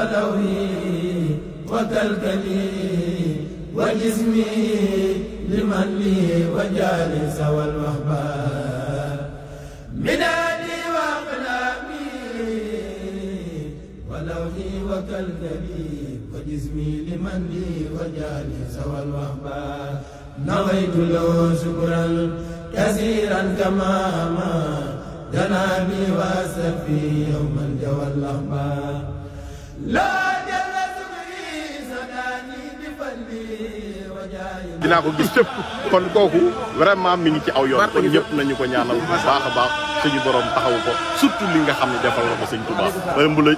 ولوي وكالكلي وجسمي لمن لي وجالس والوهبة منادي وأقلامي ولوي وكالكلي وجسمي لمن لي وجالس والوهبة نويت له شكرا كثيرا كما ما جنابي واسفي يوما جوى اللهبة dinaa ko gis fépp kon kooku vraiment mi ngi ci aw yoon kon ñëpp nañu ko ñaanal bu baax a baax suñu borom taxaw ko surtout li nga xam ne defal na ko sëñ Touba wala mu la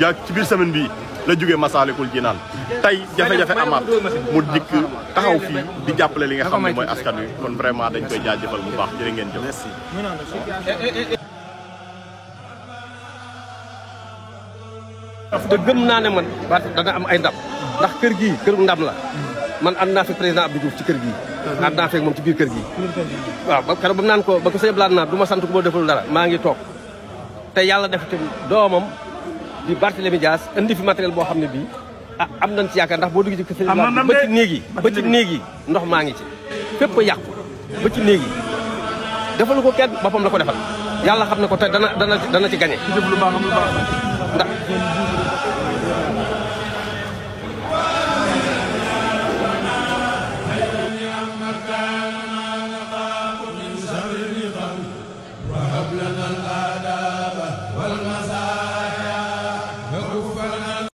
jaag ci biir semaine bii la jógee Masaalikul Jinaan tey jafe-jafe amaat mu dikk taxaw fii di jàppale li nga xam ne mooy askan wi kon vraiment dañ koy jaajëfal bu baax jërë ngeen jëf parce que naa ne man parce dana am ay ndam ndax kër gi kër ndam la man an naa fi président Abdou Diouf ci kër gi ànd naa moom ci biir kër gi waaw ba keroog ba mu naan ko ba ko sëñ Blanc naa du ma sant ko ma deful dara maa ngi toog te yàlla def te doomam di Barthélémy Dias indi fi matériel boo xam ne bii ah am nañ ci yaakaar ndax boo dugg ci kër sëñ Blanc ba ci néeg ba ci néeg ndox maa ngi ci fépp a yàqu ba ci néeg defal ko kenn boppam la ko defal yàlla xam ne ko te dana dana dana ci gañe ndax